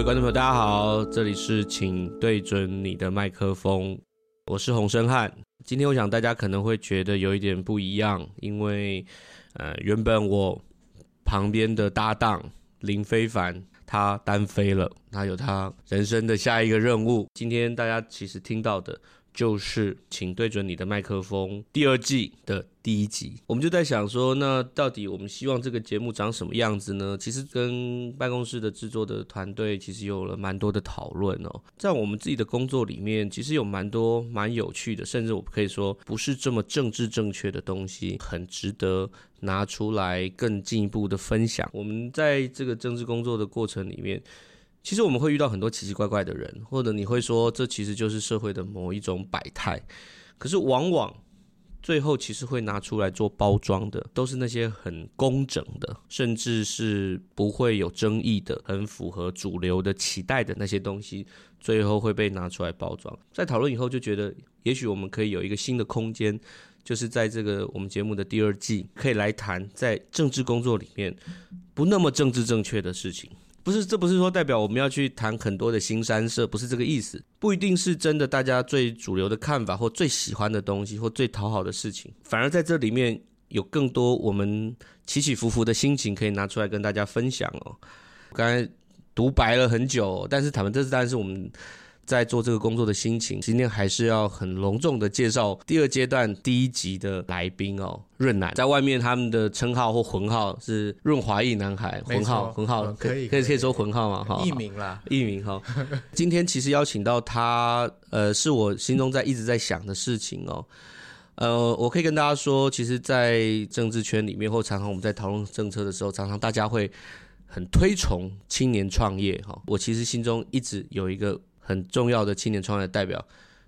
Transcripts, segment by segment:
各位觀眾朋友，大家好，這裡是請對準你的麥克風，我是洪申翰。今天我想大家可能會覺得有一點不一樣，因為呃，原本我旁邊的搭檔林飛帆他單飛了，他有他人生的下一個任務。今天大家其實聽到的。就是，請對準你的麥克風。第二季的第一集，我們就在想說，那到底我們希望這個節目長什麼樣子呢？其實跟辦公室的製作的團隊其實有了蠻多的討論哦。在我們自己的工作裡面，其實有蠻多蠻有趣的，甚至我們可以說不是這麼政治正確的東西，很值得拿出來更進一步的分享。我們在這個政治工作的過程裡面。其實我們會遇到很多奇奇怪怪的人，或者你會說這其實就是社會的某一種百態。可是往往最後其實會拿出來做包裝的，都是那些很工整的，甚至是不會有爭議的，很符合主流的期待的那些東西，最後會被拿出來包裝。在討論以後，就覺得也許我們可以有一個新的空間，就是在這個我們節目的第二季，可以來談在政治工作裡面不那麼政治正確的事情。不是，這不是說代表我們要去談很多的腥羶色，不是這個意思，不一定是真的大家最主流的看法，或最喜歡的東西，或最討好的事情，反而在這裡面有更多我們起起伏伏的心情可以拿出來跟大家分享哦。剛才獨白了很久，但是他們這是當然是我們在做這個工作的心情，今天還是要很隆重的介紹第二階段第一集的來賓哦，潤男在外面他們的稱號或諢號是潤滑液男孩，諢號，諢號可、嗯、可以可以可以說諢號嘛哈，藝名啦，藝 名哈、哦。今天其實邀請到他，呃，是我心中在一直在想的事情哦。呃，我可以跟大家說，其實，在政治圈裡面或常常我們在討論政策的時候，常常大家會很推崇青年創業哈、哦。我其實心中一直有一個。很重要的青年創業代表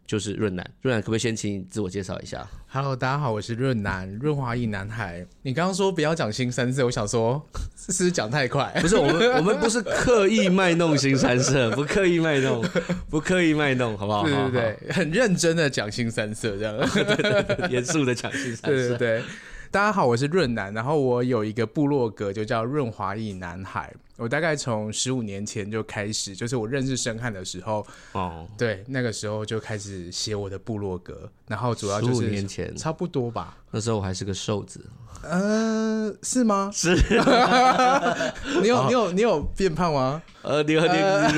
就是潤男，潤男，可不可以先請你自我介紹一下？Hello，大家好，我是潤男，潤滑液男孩。你剛剛說不要講腥羶色，我想說是不是講太快？不是，我們 我們不是刻意賣弄腥羶色，不刻意賣弄，不刻意賣弄，好不好？ 對對對，很認真的講腥羶色，這樣 對對對，嚴肅的講腥羶色， 對，對，對，大家好，我是潤男，然後我有一個部落格，就叫潤滑液男孩。我大概從十五年前就開始，就是我認識申漢的時候，哦、oh.，對，那個時候就開始寫我的部落格，然後主要就是十五年前差不多吧。那時候我還是個瘦子，嗯、呃，是嗎？是嗎， 你有、oh. 你有你有變胖嗎？呃，你有你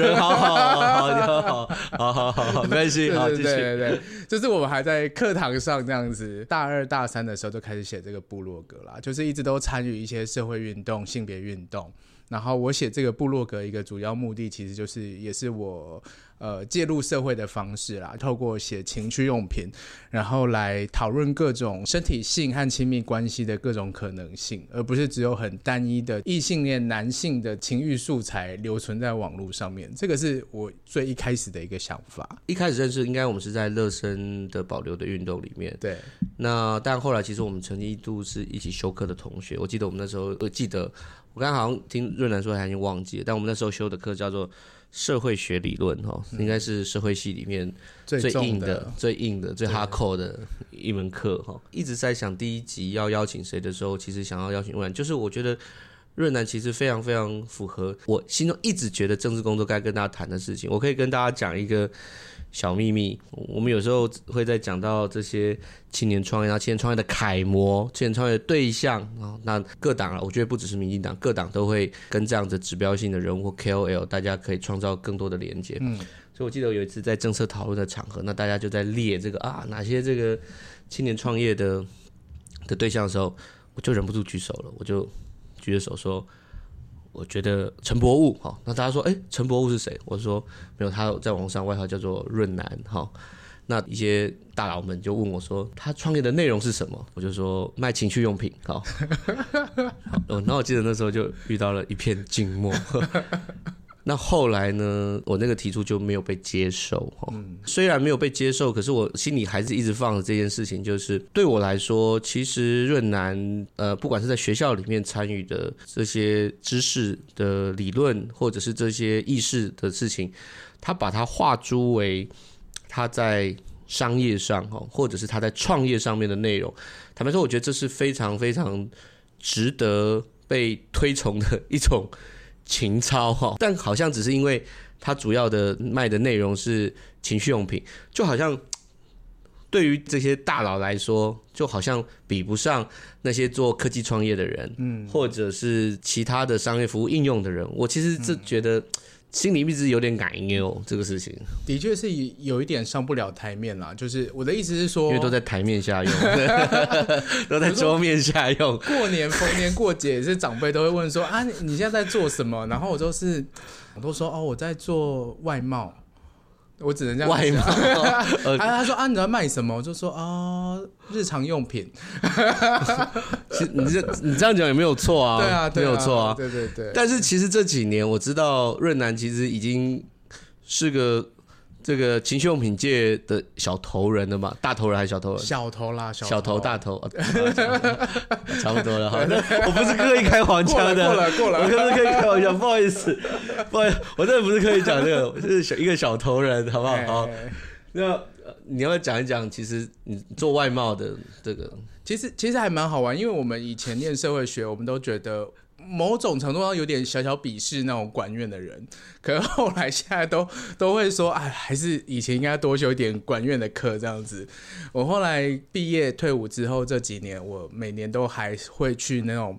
人好好好 你好好好你好好，好，好，好，好沒關係， 好繼續對，對，對就是我們還在課堂上這樣子，大二大三的時候就開始寫這個部落格啦，就是一直都參與一些社會運動、性別運動。然後我寫這個部落格一個主要目的，其實就是也是我呃，介入社會的方式啦，透過寫情趣用品，然後來討論各種身體性和親密關係的各種可能性，而不是只有很單一的異性戀男性的情欲素材留存在網絡上面。這個是我最一開始的一個想法。一開始認識應該我們是在樂生的保留的運動裡面。對。那但後來其實我們曾經一度是一起修課的同學，我記得我們那時候我記得我剛剛好像聽潤男說他已經忘記了，但我們那時候修的課叫做。社會學理論哈，應該是社會系裡面最硬的、嗯、最重的哦、最硬的、最 hardcore 的一門課哈。一直在想第一集要邀請誰的時候，其實想要邀請潤男，就是我覺得潤男其實非常非常符合我心中一直覺得政治工作該跟大家談的事情。我可以跟大家講一個。小秘密，我們有時候會在講到這些青年創業，然後青年創業的楷模、青年創業的對象啊，那各黨啊，我覺得不只是民進黨，各黨都會跟這樣子指標性的人物或 KOL，大家可以創造更多的連接。嗯，所以我記得有一次在政策討論的場合，那大家就在列這個啊，哪些這個青年創業的的對象的時候，我就忍不住舉手了，我就舉着手說。我覺得陳博物，那大家說哎，陳博物是誰？我說沒有，他在網上外號叫做潤男哈。那一些大佬們就問我說，他創業的內容是什麼？我就說賣情趣用品好 好然哦，那我記得那時候就遇到了一片靜默。 那後來呢？我那個提出就沒有被接受哈、嗯。雖然沒有被接受，可是我心裡還是一直放着這件事情。就是對我來說，其實潤男呃，不管是在學校裡面參與的這些知識的理論，或者是這些意識的事情，他把它化諸為他在商業上哦，或者是他在創業上面的內容。坦白說，我覺得這是非常非常值得被推崇的一種。情操哈、哦，但好像只是因為它主要的賣的內容是情趣用品，就好像對於這些大佬來說，就好像比不上那些做科技創業的人，嗯，或者是其他的商業服務應用的人。我其實是覺得。嗯心裡一直有點感應哦，這個事情的確是有一點上不了台面啦。就是我的意思是說，因為都在台面下用， 都在桌面下用。過年、逢年過節，也是長輩都會問說：“ 啊，你現在在做什麼？”然後我都、就是我都說：“哦，我在做外貿。”我只能這樣子。 他他說 啊，你要賣什麼？我就說，啊，日常用品。 其實你這你這樣講也沒有錯啊，對啊，沒有錯啊，對，對對對。但是其實這幾年我知道潤男其實已經是個。這個情趣用品界的小頭人的嗎？大頭人還是小頭人？小頭啦，小頭,小頭大頭、哦，差不多了。 多了，好，我不是刻意開黃腔的，過來過來,過來，我不是刻意開玩笑，不好意思， 不好意思，我真的不是刻意講這個，我是一個, 一個小頭人，好不好？好，那你要,不要講一講，其實你做外貿的這個，其實其實還蠻好玩，因為我們以前念社會學，我們都覺得。某種程度上有點小小鄙視那種管院的人，可是後來現在都都會說，哎、啊，還是以前應該多修一點管院的課這樣子。我後來畢業退伍之後這幾年，我每年都還會去那種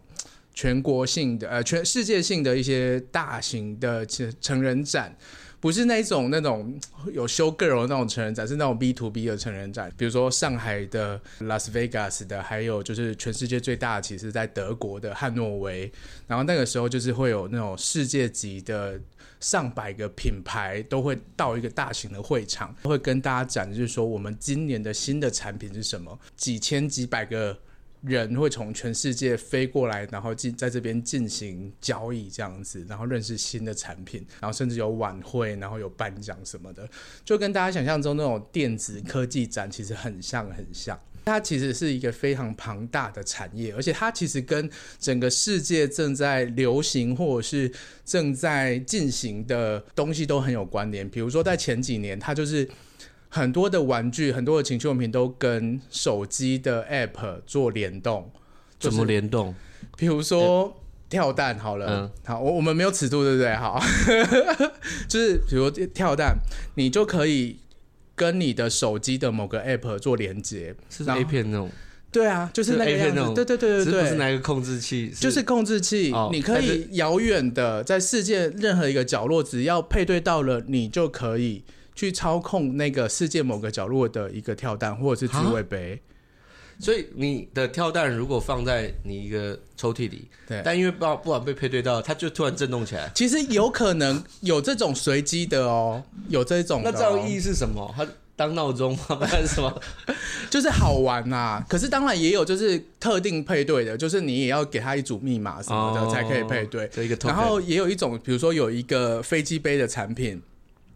全國性的、呃，全世界性的一些大型的成成人展。不是那種那種有 show girl 的那種成人展，是那種 B to B 的成人展。比如說上海的、拉斯維加斯的，還有就是全世界最大的，其實在德國的漢諾威。然後那個時候就是會有那種世界級的上百個品牌都會到一個大型的會場，會跟大家講，就是說我們今年的新的產品是什麼，幾千幾百個。人會從全世界飛過來，然後進在這邊進行交易，這樣子，然後認識新的產品，然後甚至有晚會，然後有頒獎什麼的，就跟大家想象中那種電子科技展其實很像很像。它其實是一個非常龐大的產業，而且它其實跟整個世界正在流行或者是正在進行的東西都很有關聯。比如說在前幾年，它就是。很多的玩具，很多的情趣用品都跟手機的 app 做聯動，就是。怎麼聯動？比如說跳蛋，好了，嗯、好，我我們沒有尺度，對不對？好， 就是比如說跳蛋，你就可以跟你的手機的某個 app 做連接，是 A 片那種。對啊，就是那一片那種。對對對對對，是不是個控制器？就是控制器，你可以遙遠的在世界任何一個角落，只要配對到了，你就可以。去操控那個世界某個角落的一個跳蛋或者是智慧杯，所以你的跳蛋如果放在你一個抽屜裡，對，但因為不不管被配對到，它就突然震動起來。其實有可能有這種隨機的哦、喔，有這種、喔，那這種意義是什麼？它當鬧鐘嗎？還是什麼？ 就是好玩吶、啊。可是當然也有就是特定配對的，就是你也要給它一組密碼什麼的、哦、才可以配對。然後也有一種，比如說有一個飛機杯的產品。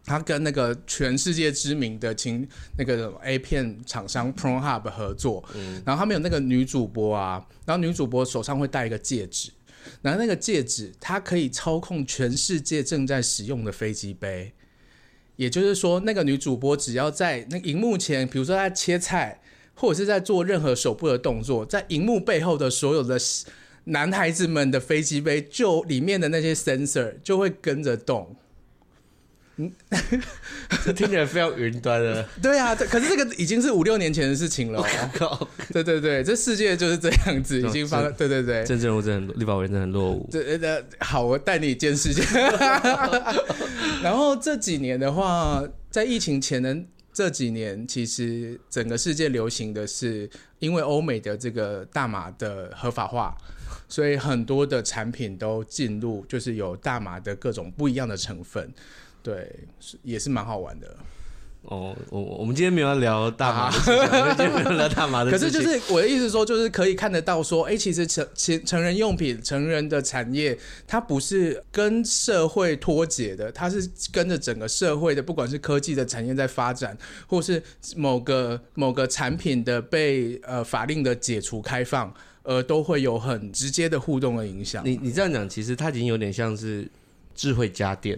他跟那個全世界知名的、那個 A 片廠商 Pornhub 合作，嗯，然後他們有那個女主播啊，然後女主播手上會戴一個戒指，那那個戒指它可以操控全世界正在使用的飛機杯，也就是說，那個女主播只要在那個熒幕前，比如說在切菜或者是在做任何手部的動作，在熒幕背後的所有的男孩子們的飛機杯，就裡面的那些 sensor 就會跟着動。嗯， 聽起來非常雲端的。對啊對，可是這個已經是五六年前的事情了。我靠！對對對，這世界就是這樣子， 已經發了。對對對，真正我真很多，真的很落伍。 好，我帶你見世界。 然後這幾年的話，在疫情前的這幾年，其實整個世界流行的是因為歐美的這個大麻的合法化，所以很多的產品都進入，就是有大麻的各種不一樣的成分。對，也是蠻好玩的。哦，我我們今天沒有要聊大麻，沒有聊大麻的事情。可是就是我的意思說，就是可以看得到說，哎、欸，其實成成成人用品、成人的產業，它不是跟社會脫節的，它是跟着整個社會的，不管是科技的產業在發展，或是某個某個產品的被呃法令的解除開放，呃，都會有很直接的互動的影響啊。你你這樣講，其實它已經有點像是智慧家電。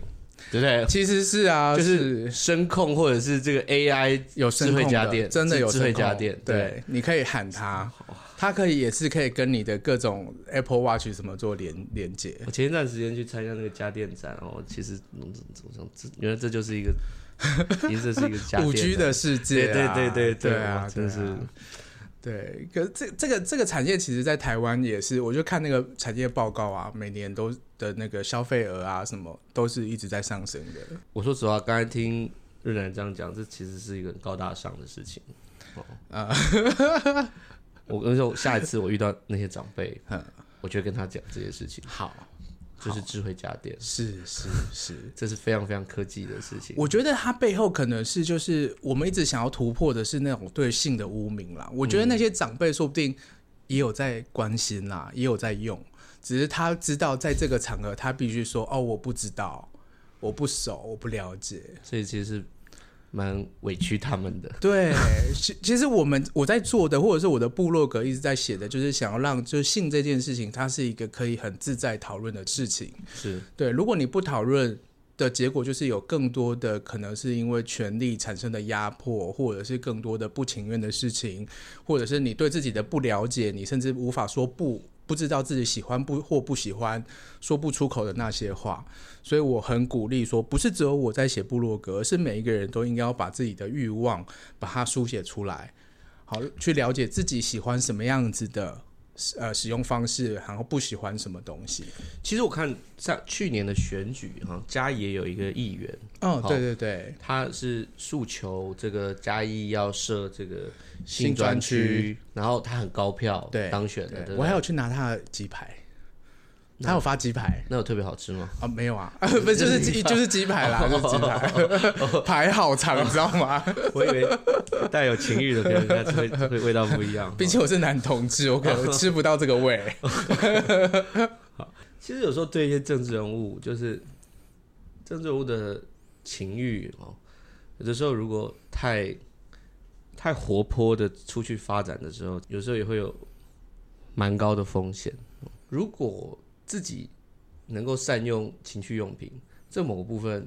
對不對？其實是啊，就是，是聲控或者是這個 AI 有智慧家電，真的有智慧家電。對，對你可以喊它，它可以也是可以跟你的各種 Apple Watch 什麼做連連接。我前一段時間去參加那個家電展哦，其實怎麼怎這原來這就是一個，這是一個 5G 的 的世界啊。對對對對，對，對，對，啊，對啊，真的是。對，可是這個、這個這個產業，其實，在台灣也是，我就看那個產業報告啊，每年都的那個消費額啊，什麼都是一直在上升的。我說實話，剛才聽潤男這樣講，這其實是一個很高大上的事情。哦啊，我跟你說，下一次我遇到那些長輩，哈， 我就跟他講這些事情。 好。就是智慧家電，是是是，是是 這是非常非常科技的事情。我覺得它背後可能是就是我們一直想要突破的是那種對性的污名啦。我覺得那些長輩說不定也有在關心啦，也有在用，只是他知道在這個場合他必須說哦，我不知道，我不熟，我不了解。所以其實。蠻委屈他們的，對，其其實我們我在做的，或者是我的部落格一直在寫的，就是想要讓就性這件事情，它是一個可以很自在討論的事情。是。對，如果你不討論的結果就是有更多的可能是因為權力產生的壓迫，或者是更多的不情願的事情，或者是你對自己的不了解，你甚至無法說不。不知道自己喜歡不或不喜歡，說不出口的那些話，所以我很鼓勵說，不是只有我在寫部落格，而是每一個人都應該要把自己的慾望把它書寫出來，好去了解自己喜歡什麼樣子的。使呃使用方式，然後不喜歡什麼東西。其實我看在去年的選舉，哈，嘉義也有一個議員，哦，對對對，他是訴求這個嘉義要設這個新專，新專區，然後他很高票對當選的，我還有去拿他的雞排。他有發雞排，那有特別好吃嗎？啊、哦，沒有啊，不就是雞，就是雞、就是、排啦，雞、哦、排，哦哦哦、 排好長、哦，你知道嗎？哦、我以為帶有情慾的，表演，會會味道不一樣。並、哦、且我是男同志，我可能吃不到這個味、哦 。好，其實有時候對一些政治人物，就是政治人物的情慾哦，有的時候如果太太活潑的出去發展的時候，有時候也會有蠻高的風險、嗯。如果自己能夠善用情趣用品，這某個部分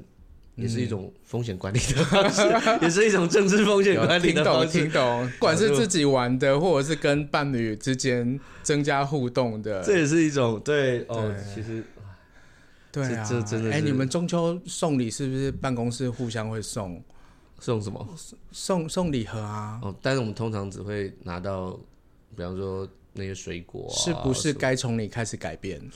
也是一種風險管理的方式，嗯、也，是方式 也是一種政治風險管理的方式。有，聽懂，聽懂。管是自己玩的，或者是跟伴侶之間增加互動的，這也是一種對，對哦，其實對，對啊，真的。哎、欸，你們中秋送禮是不是辦公室互相會送？送什麼？送送禮盒啊。哦，但是我們通常只會拿到，比方說。那些水果、啊、是不是該從你開始改變？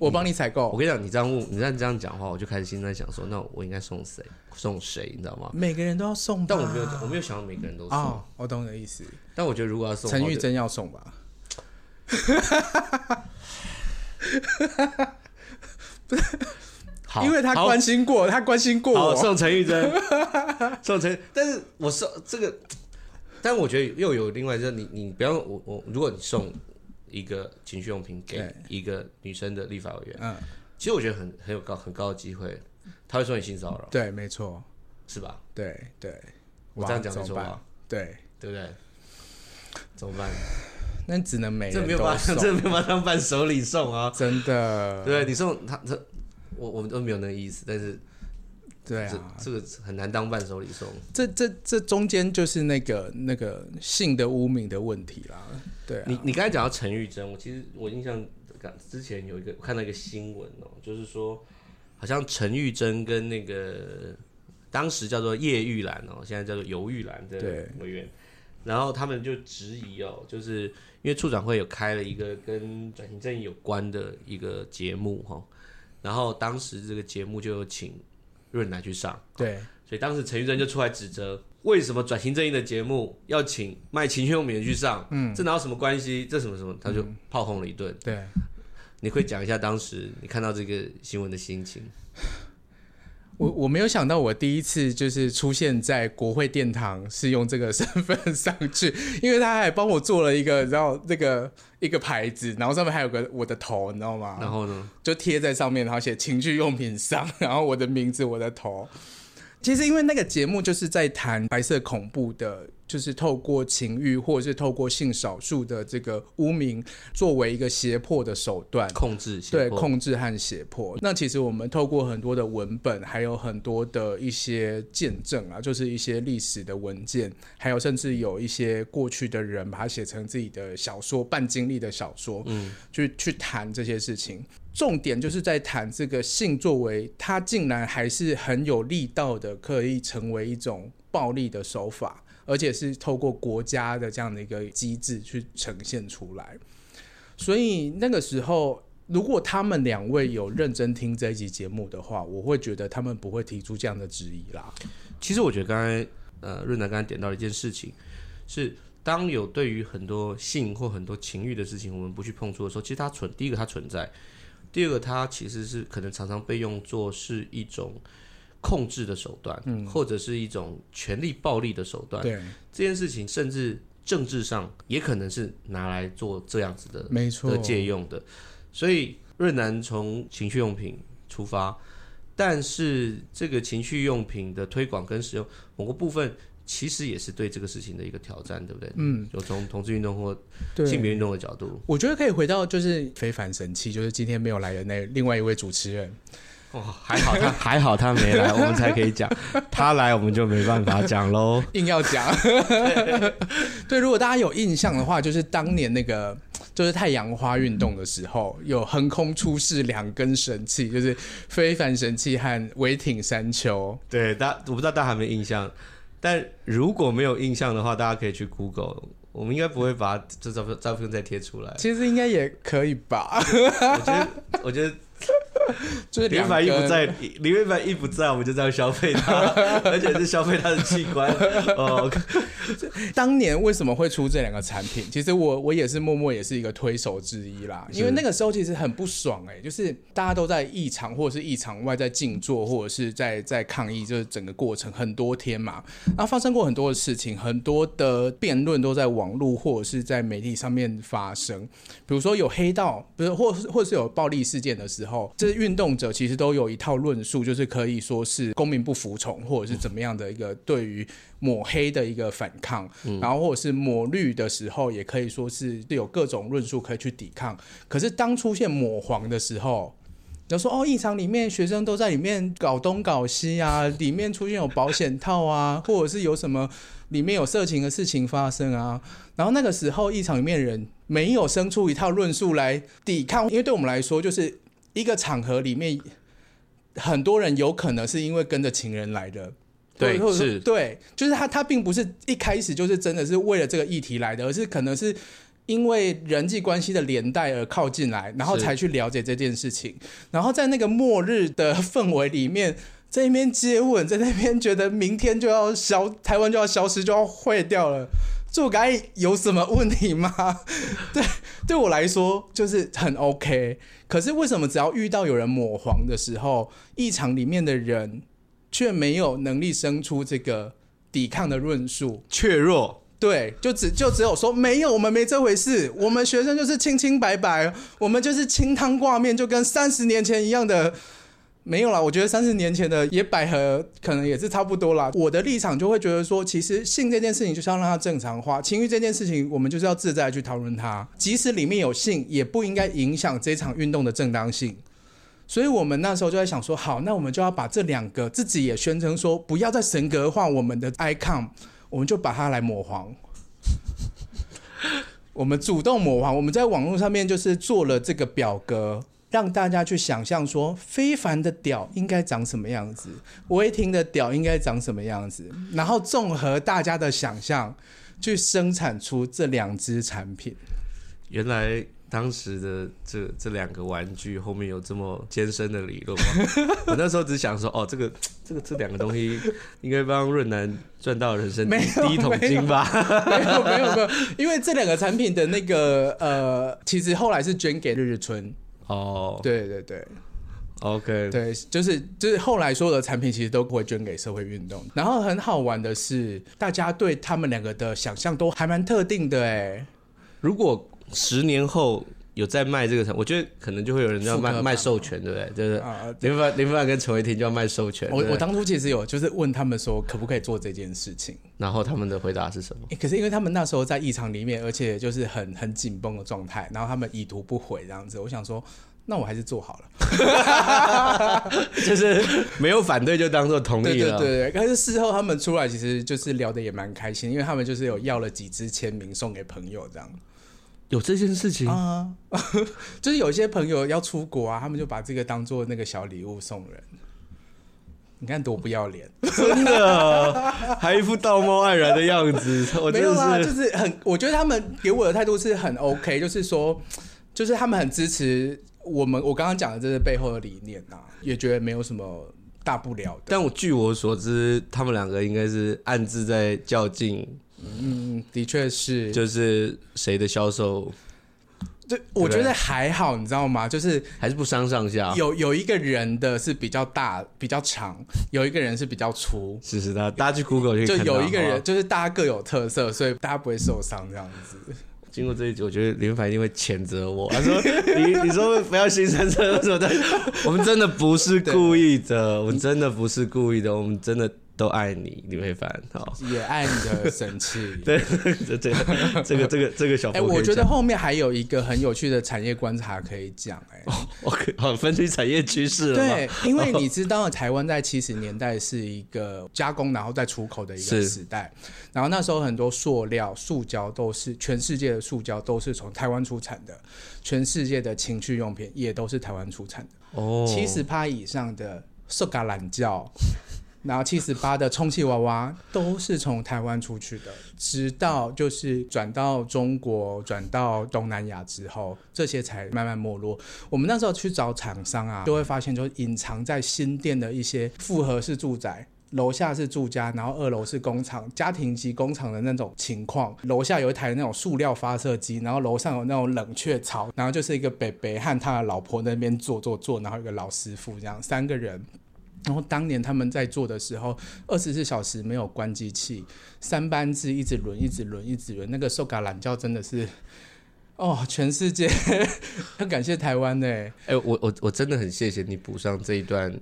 我幫你採購。我跟你講，你這樣問，你這樣這樣講話，我就開始心在想說，那我應該送誰？送誰？你知道嗎？每個人都要送。但我沒有，我沒有想到每個人都送、哦。我懂你的意思。但我覺得，如果要送，陳玉珍要送吧。 不是，好，因為他關心過，他關心過我，送陳玉珍， 送陳。但是，我送這個。但我覺得又有另外一，就是你你不要我我，如果你送一個情趣用品給一個女生的立法委員，嗯，其實我覺得很很有高很高的機會，他會說你性騷擾。對，沒錯，是吧？對對，我，我這樣講沒錯吧？對，對不對？怎麼辦？那只能沒這沒有辦法，這沒有辦法當伴手禮送啊！真的，對，你送他，他我我們都沒有那個意思，但是。對啊，這個很難當伴手禮送。這、這、這中間就是那個、那個性的污名的問題啦。對、啊，你、你剛才講到陳玉珍，我其實我印象，之前有一個我看到一個新聞哦，就是說，好像陳玉珍跟那個當時叫做葉玉蘭哦，現在叫做游玉蘭的委員，然後他們就質疑哦，就是因為促轉會有開了一個跟轉型正義有關的一個節目哈、哦，然後當時這個節目就有請。潤來去上，對，所以當時陳玉珍就出來指責，為什麼轉型正義的節目要請賣情趣用品的人去上嗯？嗯，這哪有什麼關係？這什麼什麼？嗯、他就炮轟了一頓。對，你可以講一下當時你看到這個新聞的心情。嗯我我沒有想到，我第一次就是出現在國會殿堂是用這個身份上去，因為他還幫我做了一個，然後那個一個牌子，然後上面還有個我的頭，你知道嗎？然後呢，就貼在上面，然後寫情趣用品上，然後我的名字，我的頭。其實因為那個節目就是在談白色恐怖的。就是透過情欲，或者是透過性少數的這個污名，作為一個脅迫的手段，控制脅迫，對，控制和脅迫。那其實我們透過很多的文本，還有很多的一些見證啊，就是一些歷史的文件，還有甚至有一些過去的人把它寫成自己的小說，半經歷的小說，嗯，去去談這些事情。重點就是在談這個性，作為它竟然還是很有力道的，可以成為一種暴力的手法。而且是透過國家的這樣的一個機制去呈現出來，所以那個時候，如果他們兩位有認真聽這一集節目的話，我會覺得他們不會提出這樣的質疑啦。其實我覺得剛才呃潤男，剛剛點到了一件事情，是當有對於很多性或很多情慾的事情，我們不去碰觸的時候，其實它存，第一個它存在，第二個它其實是可能常常被用作是一種。控制的手段、嗯，或者是一種權力暴力的手段。對這件事情，甚至政治上也可能是拿來做這樣子的，沒錯，的借用的。所以潤男從情趣用品出發，但是這個情趣用品的推廣跟使用某個部分，其實也是對這個事情的一個挑戰，對不對？嗯，就從同志運動或性別運動的角度，我覺得可以回到就是飛帆神器，就是今天沒有來的那另外一位主持人。哦、還好他還好他沒來， 我們才可以講。他來我們就沒辦法講嘍。硬要講， 對。如果大家有印象的話，就是當年那個就是太陽花運動的時候，嗯、有橫空出世兩根神器，就是飛帆神器和為廷山丘。對，大我不知道大家有沒有印象，但如果沒有印象的話，大家可以去 Google。我們應該不會把這照片照片再貼出來。其實應該也可以吧。 我覺得，我覺得。就是飛帆不在，飛帆不在，我們就這樣消費他， 而且是消費他的器官。 哦， 當年為什麼會出這兩個產品？其實我我也是默默也是一個推手之一啦，因為那個時候其實很不爽哎、欸，就是大家都在議場或者是議場外在靜坐，或者是在在抗議，就是整個過程很多天嘛，那發生過很多的事情，很多的辯論都在網絡或者是在媒體上面發生，比如說有黑道比如或是或者是有暴力事件的時候，運動者其實都有一套論述，就是可以說是公民不服從，或者是怎麼樣的一個對於抹黑的一個反抗，然後或者是抹綠的時候，也可以說是有各種論述可以去抵抗。可是當出現抹黃的時候，比如說哦，議場裡面學生都在裡面搞東搞西啊，裡面出現有保險套啊，或者是有什麼裡面有色情的事情發生啊，然後那個時候議場裡面人沒有生出一套論述來抵抗，因為對我們來說就是。一個場合裡面，很多人有可能是因為跟着情人來的，對或者，是，對，就是他，他並不是一開始就是真的是為了這個議題來的，而是可能是因為人際關係的連帶而靠近來，然後才去了解這件事情。然後在那個末日的氛圍裡面，在那邊接吻，在那邊覺得明天就要消，台灣就要消失，就要毀掉了。這該有什麼問題嗎？對，對我來說就是很 OK。可是為什麼只要遇到有人抹黃的時候，議場裡面的人卻沒有能力生出這個抵抗的論述？怯懦。對，就只就只有說沒有，我們沒這回事。我們學生就是清清白白，我們就是清湯掛麵，就跟三十年前一樣的。沒有啦，我覺得三十年前的野百合可能也是差不多啦。我的立場就會覺得說，其實性這件事情就是要讓它正常化，情欲這件事情我們就是要自在去討論它，即使裡面有性，也不應該影響這場運動的正當性。所以我們那時候就在想說，好，那我們就要把這兩個自己也宣稱說，不要再神格化我們的 icon，我們就把它來抹黃， 我們主動抹黃，我們在網絡上面就是做了這個表格。讓大家去想象說，飛帆的屌應該長什麼樣子，為廷的屌應該長什麼樣子，然後綜合大家的想象去生產出這兩支產品。原來當時的這這兩個玩具後面有這麼艱深的理論嗎？ 我那時候只想說哦，這個這個這兩個東西應該幫潤男賺到人生第一桶金吧？沒有沒有，沒有，沒有，沒有沒有，因為這兩個產品的那個呃，其實後來是捐給日日春哦、oh，對對對，OK，對，就是就是，後來所有的產品其實都會捐給社會運動。然後很好玩的是，大家對他們兩個的想象都還蠻特定的誒，如果十年後。有在賣這個場，我覺得可能就會有人要賣、啊、賣授權，對不對？就、啊、是林飛帆林飛帆跟陳為廷就要賣授權。我我當初其實有就是問他們說可不可以做這件事情，然後他們的回答是什麼？欸、可是因為他們那時候在議場裡面，而且就是很很緊繃的狀態，然後他們已讀不回這樣子，我想說那我還是做好了， 就是沒有反對就當做同意了。對對對，但是事後他們出來其實就是聊得也蠻開心，因為他們就是有要了幾支簽名送給朋友這樣。有這件事情啊，uh -huh. 就是有些朋友要出國啊，他們就把這個當做那個小禮物送人。你看多不要臉，真的，還一副道貌岸然的樣子。 沒有啊，就是很，我覺得他們給我的態度是很 OK，就是說，就是他們很支持我們。我剛剛講的這些背後的理念啊，也覺得沒有什麼大不了的。但我據我所知，他們兩個應該是暗自在較勁。嗯，的確是，就是誰的銷售，對，我覺得還好，你知道嗎？就是還是不相上下。有有一個人的是比較大、比較長，有一個人是比較粗。是是的，大家去 Google 就，看就有一個人，就是大家各有特色，所以大家不會受傷這樣子。經過這一集，我覺得林飛帆一定會譴責我，他、啊、說：“你你說不要心生嗔恨。 我們真的不是故意的，我們真的不是故意的，我們真的。嗯”都愛你，飛帆也愛你的神器。 對，這這 這個這個這個小朋友、欸、我覺得後面還有一個很有趣的產業觀察可以講哎。欸、oh, OK，很，oh, 分析產業趨勢，對，因為你知道、oh. 台灣在七十年代是一個加工然後再出口的一個時代，然後那時候很多塑料、塑膠都是全世界的塑膠都是從台灣出產的，全世界的情趣用品也都是台灣出產的。哦、oh.，七十趴以上的塑膠懶覺。然後七十八的充氣娃娃都是從台灣出去的，直到就是轉到中國、轉到東南亞之後，這些才慢慢沒落。我們那時候去找廠商啊，就會發現，就隱藏在新店的一些複合式住宅，樓下是住家，然後二樓是工廠，家庭及工廠的那種情況。樓下有一台那種塑料發射機，然後樓上有那種冷卻槽，然後就是一個伯伯和他的老婆在那邊坐坐坐，然後有個老師傅，這樣三個人。然後當年他們在做的時候，二十四小時沒有關機器，三班制一直輪一直輪一直輪，那個塑膠懶覺真的是，哦，全世界要感謝台灣呢！哎、欸，我我我真的很謝謝你補上這一段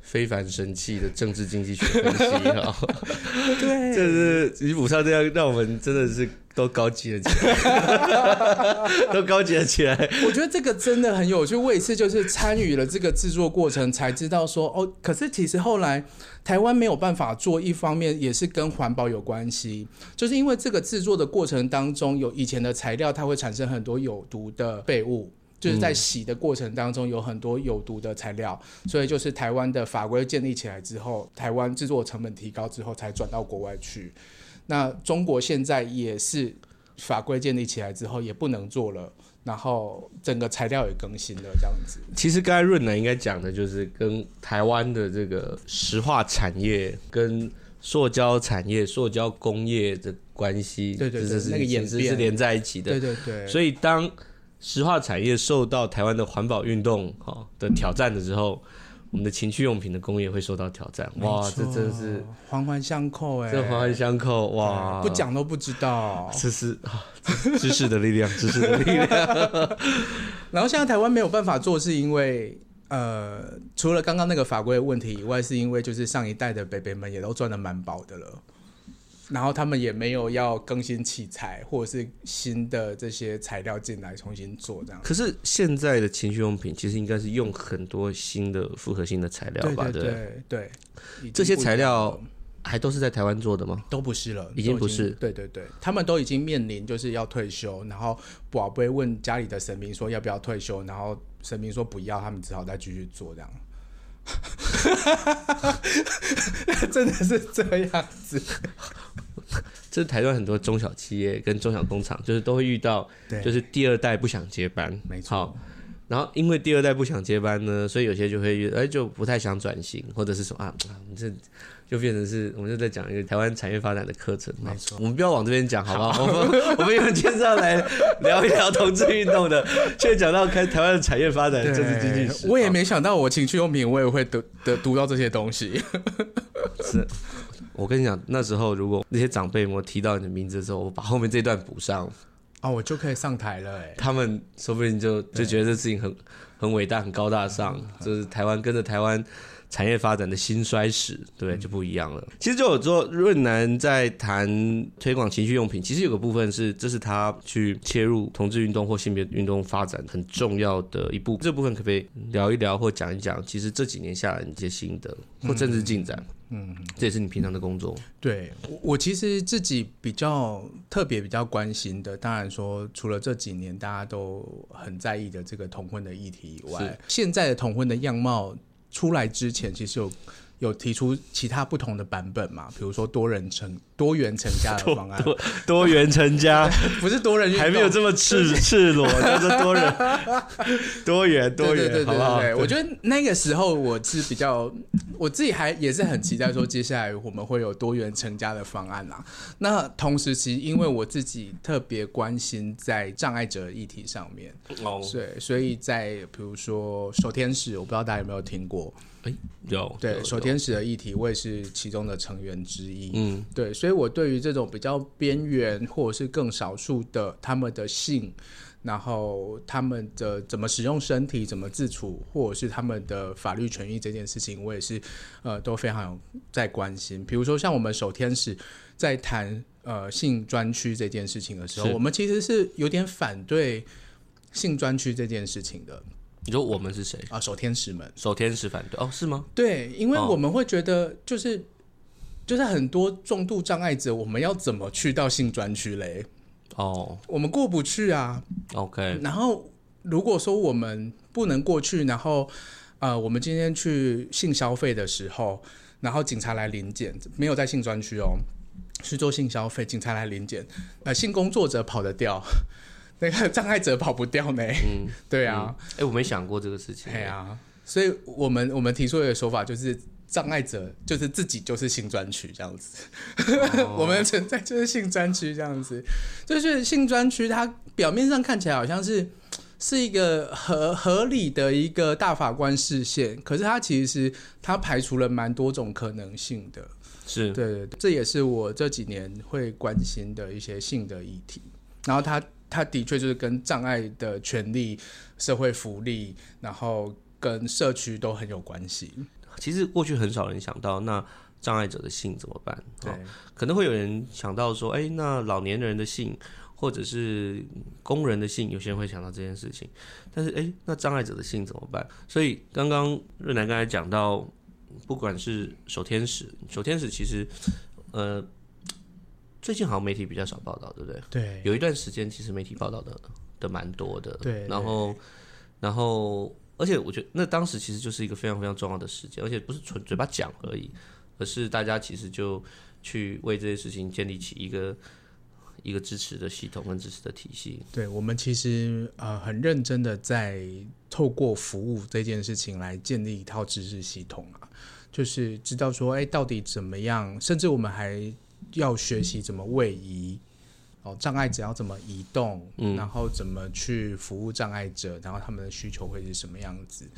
非凡神器的政治經濟學分析啊！ 好 對，就 是你補上這樣，讓我們真的是。都高級了起來， 都高級了起來 我覺得這個真的很有趣。我也是，就是參與了這個制作過程，才知道說哦，可是其實後來台灣沒有辦法做，一方面也是跟環保有關係，就是因為這個制作的過程當中，有以前的材料它會產生很多有毒的廢物，就是在洗的過程當中有很多有毒的材料，所以就是台灣的法規建立起來之後，台灣制作成本提高之後，才轉到國外去。那中國現在也是法規建立起來之後也不能做了，然後整個材料也更新了這樣子。其實剛才潤男應該講的就是跟台灣的這個石化產業跟塑膠產業、塑膠工業的關係，對對對，是那個演變是連在一起的，對對對。所以當石化產業受到台灣的環保運動哈的挑戰的時候，我們的情趣用品的工業會受到挑戰，哇，這真是環環相扣哎、欸，這環環相扣哇，不講都不知道，知識啊，知識的力量， 知識的力量。 然後現在台灣沒有辦法做，是因為呃，除了剛剛那個法規的問題以外，是因為就是上一代的北北們也都賺得蠻飽的了。然後他們也沒有要更新器材或者是新的這些材料進來重新做這樣。可是現在的情趣用品其實應該是用很多新的複合性的材料吧？對對對，對，對，對，對，對，這些材料還都是在台灣做的嗎？都不是了，已經不是。對對對，他們都已經面臨就是要退休，然後博杯問家裡的神明說要不要退休，然後神明說不要，他們只好再繼續做這樣。 真的是這樣子。這台灣很多中小企業跟中小工廠，就是都會遇到，就是第二代不想接班，沒錯。好，然後因為第二代不想接班呢，所以有些就會遇，哎，就不太想轉型，或者是說啊，這就變成是我們就在講一個台灣產業發展的課程，沒錯。我們不要往這邊講，好不好？好，我們我們今天是要來聊一聊、啊、同志運動的，現在講到開台灣的產業發展的政治經濟，我也沒想到我情趣用品我也會讀讀到這些東西，是。我跟你講，那時候如果那些長輩們提到你的名字的時候，我把後面這段補上，啊、哦，我就可以上台了。他們說不定就就覺得這事情很很偉大、很高大上，啊、就是台灣跟着台灣產業發展的興衰史，對，嗯、就不一樣了。其實，就有時候，潤男在談推廣情趣用品，其實有個部分是，這是他去切入同志運動或性別運動發展很重要的一步、嗯。這個部分可不可以聊一聊，或講一講？其實這幾年下來，你這些心得或政治進展。嗯嗯嗯，這也是你平常的工作。嗯、對，我我其實自己比較特別、比較關心的，當然說除了這幾年大家都很在意的這個同婚的議題以外，現在的同婚的樣貌出來之前，其實有。嗯有提出其他不同的版本嘛？比如說多人成多元成家的方案，多、多、多元成家 不是多人，還沒有這麼赤赤裸叫做多人 多元多元，對對對、對、好好對、對、對、對、對我覺得那個時候我是比較我自己還也是很期待說接下來我們會有多元成家的方案啦、啊。那同時其實因為我自己特別關心在障礙者的議題上面，哦，對，所以在比如說手天使，我不知道大家有沒有聽過？哎、欸，有，對手天。天使的議題，我也是其中的成員之一。嗯，對，所以我對於這種比較邊緣或者是更少數的他們的性，然後他們的怎麼使用身體、怎麼自處，或者是他們的法律權益這件事情，我也是呃都非常有在關心。比如說，像我們手天使在談呃性專區這件事情的時候，我們其實是有點反對性專區這件事情的。你說我們是誰啊？守天使們，守天使反對哦？是嗎？對，因為我們會覺得就是、哦、就是很多重度障礙者，我們要怎麼去到性專區嘞？哦，我們過不去啊。OK，然後如果說我們不能過去，然後呃，我們今天去性消費的時候，然後警察來臨檢，沒有在性專區哦，是做性消費，警察來臨檢，呃，性工作者跑得掉。那個障礙者跑不掉呢？嗯、 對啊，誒、嗯，欸，我沒想過這個事情。 對啊，所以我們我們提出一個說法，就是障礙者就是自己就是性專區這樣子， 哦、 我們存在就是性專區這樣子，就是性專區它，表面上看起來好像是是一個合合理的一個大法官釋憲，可是它其實它排除了蠻多種可能性的。是對對對，這也是我這幾年會關心的一些性的議題，然後它。他的確就是跟障礙的權利、社會福利，然後跟社區都很有關係。其實過去很少人想到，那障礙者的性怎麼辦？對，可能會有人想到說，哎、欸，那老年人的性，或者是工人的性，有些人會想到這件事情。但是，哎、欸，那障礙者的性怎麼辦？所以，剛剛潤男剛才講到，不管是手天使，手天使其實，呃。最近好像媒體比較少報道，對不對？對，有一段時間其實媒體報道的的蠻多的。對，然後，然後，而且我覺得那當時其實就是一個非常非常重要的事件，而且不是純嘴巴講而已，而是大家其實就去為這件事情建立起一個一個支持的系統跟支持的體系。對，我們其實呃很認真的在透過服務這件事情來建立一套知識系統啊，就是知道說，哎，到底怎麼樣，甚至我們還。要學習怎麼位移哦，障礙者要怎麼移動，嗯，然後怎麼去服務障礙者，然後他們的需求會是什麼樣子？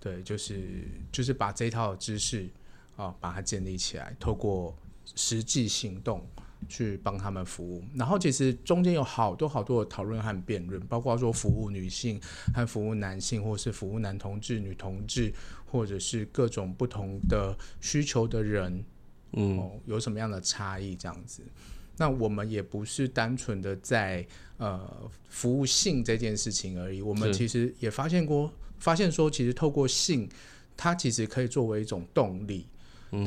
對，就是就是把這一套知識啊，把它建立起來，透過實際行動去幫他們服務。然後其實中間有好多好多的討論和辯論，包括說服務女性和服務男性，或是服務男同志、女同志，或者是各種不同的需求的人。嗯、哦，有什麼樣的差異？這樣子，那我們也不是單純的在呃服務性這件事情而已。我們其實也發現過，發現說其實透過性，它其實可以作為一種動力。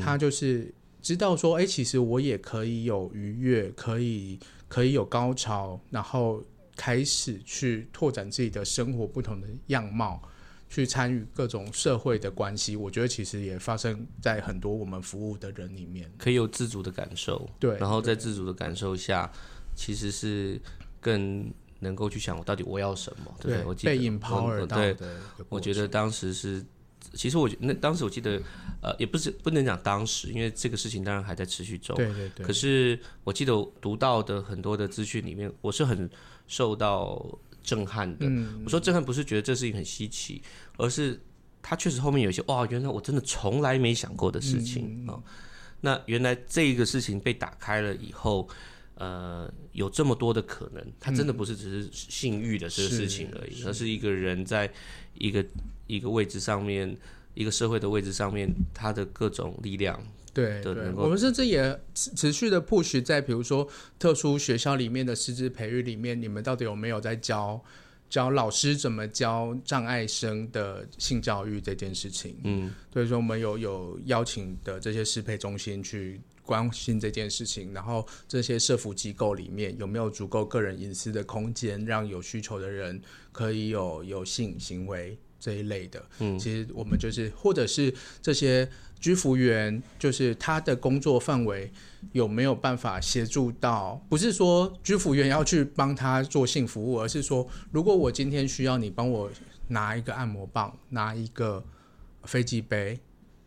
它就是知道說，誒、欸，其實我也可以有愉悅，可以可以有高潮，然後開始去拓展自己的生活不同的樣貌，去參與各種社會的關係，我覺得其實也發生在很多我們服務的人裡面。可以有自主的感受，對，然後在自主的感受下，其實是更能夠去想我到底我要什麼。對，對我記得，被 empowered 的對，我覺得當時是，其實我那當時我記得，呃，也不是不能講當時，因為這個事情當然還在持續中。對對對。可是我記得我讀到的很多的資訊裡面，我是很受到。震撼的，我說震撼不是覺得這事情很稀奇，而是他確實後面有一些哇，原來我真的從來沒想過的事情啊、喔。那原來這個事情被打開了以後，呃，有這麼多的可能，它真的不是只是性慾的這個事情而已，而是一個人在一個一個位置上面，一個社會的位置上面，他的各種力量。對對，我們甚至也持續的 push 在比如說特殊學校裡面的師資培育裡面，你們到底有沒有在教教老師怎麼教障礙生的性教育這件事情？嗯，所以說我們有有邀請的這些適配中心去關心這件事情，然後這些社福機構裡面有沒有足夠個人隱私的空間，讓有需求的人可以有有性行為。這一類的，嗯，其實我們就是，或者是這些居服員，就是他的工作範圍有沒有辦法協助到？不是說居服員要去幫他做性服務，而是說，如果我今天需要你幫我拿一個按摩棒，拿一個飛機杯，